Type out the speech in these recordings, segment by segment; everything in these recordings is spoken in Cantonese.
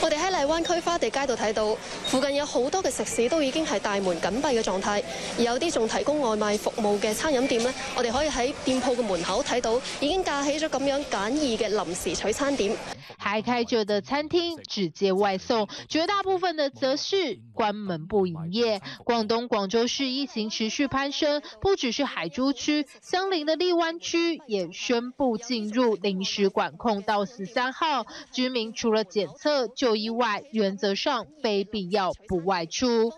我哋喺荔灣區花地街道睇到，附近有好多嘅食肆都已經係大門緊閉嘅狀態，而有啲仲提供外賣服務嘅餐飲店咧，我哋可以喺店鋪嘅門口睇到，已經架起咗咁樣簡易嘅臨時取餐點。還開着的嘅餐廳直接外送，絕大部分嘅則是關門不營業。廣東廣州市疫情持續攀升，不只是海珠區，相鄰嘅荔灣區也宣布進入臨時管控到，到十三號居民除了檢測。就醫外，原則上非必要不外出。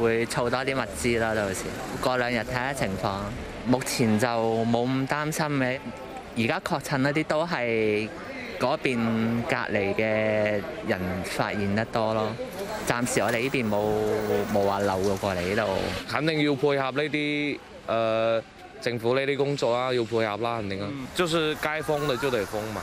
會儲多啲物資咯，到時過兩日睇下情況。目前就冇咁擔心嘅，而家確診嗰啲都係嗰邊隔離嘅人發現得多咯。暫時我哋呢邊冇冇話流入過嚟呢度。肯定要配合呢啲誒政府呢啲工作啊，要配合啦，肯定啊。嗯、就算街封的就得封嘛。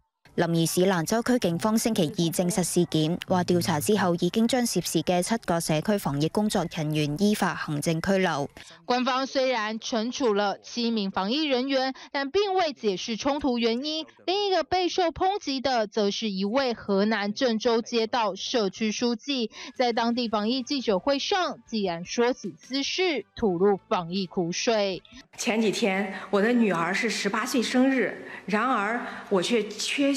臨沂市蘭州區警方星期二證實事件，話調查之後已經將涉事嘅七個社區防疫工作人員依法行政拘留。官方雖然懲處了七名防疫人員，但並未解釋衝突原因。另一個備受抨擊的，則是一位河南鄭州街道社區書記，在當地防疫記者會上，竟然說起私事，吐露防疫苦水。前幾天我的女兒是十八歲生日，然而我卻缺。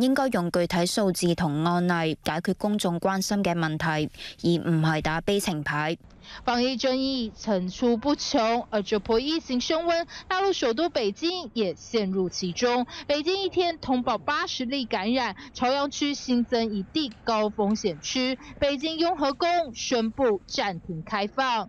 應該用具體數字同案例解決公眾關心嘅問題，而唔係打悲情牌。防疫爭議層出不窮，而就破疫情升溫，大陸首都北京也陷入其中。北京一天通報八十例感染，朝陽區新增一地高風險區，北京雍和宮宣布暫停開放。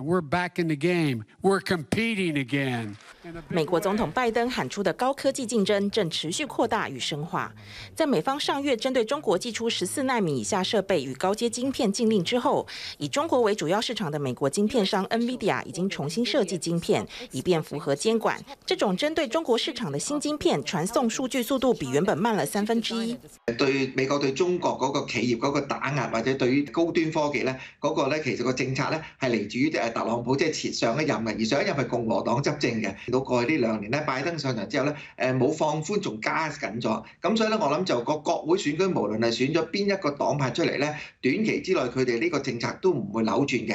We're back in the game. We're competing again. 美國總統拜登喊出的高科技競爭正持續擴大與深化。在美方上月針對中國祭出十四納米以下設備與高階晶片禁令之後，以中國為主要市場的美國晶片商 NVIDIA 已經重新設計晶片，以便符合監管。這種針對中國市場的新晶片，傳送數據速度比原本慢了三分之一。對美國對中國嗰個企業嗰個打壓，或者對於高端科技咧，嗰個咧其實個政策咧係嚟自於。係特朗普即係上一任嘅，而上一任係共和黨執政嘅。到過去呢兩年咧，拜登上場之後咧，誒冇放寬，仲加緊咗。咁所以咧，我諗就個國會選舉，無論係選咗邊一個黨派出嚟咧，短期之內佢哋呢個政策都唔會扭轉嘅。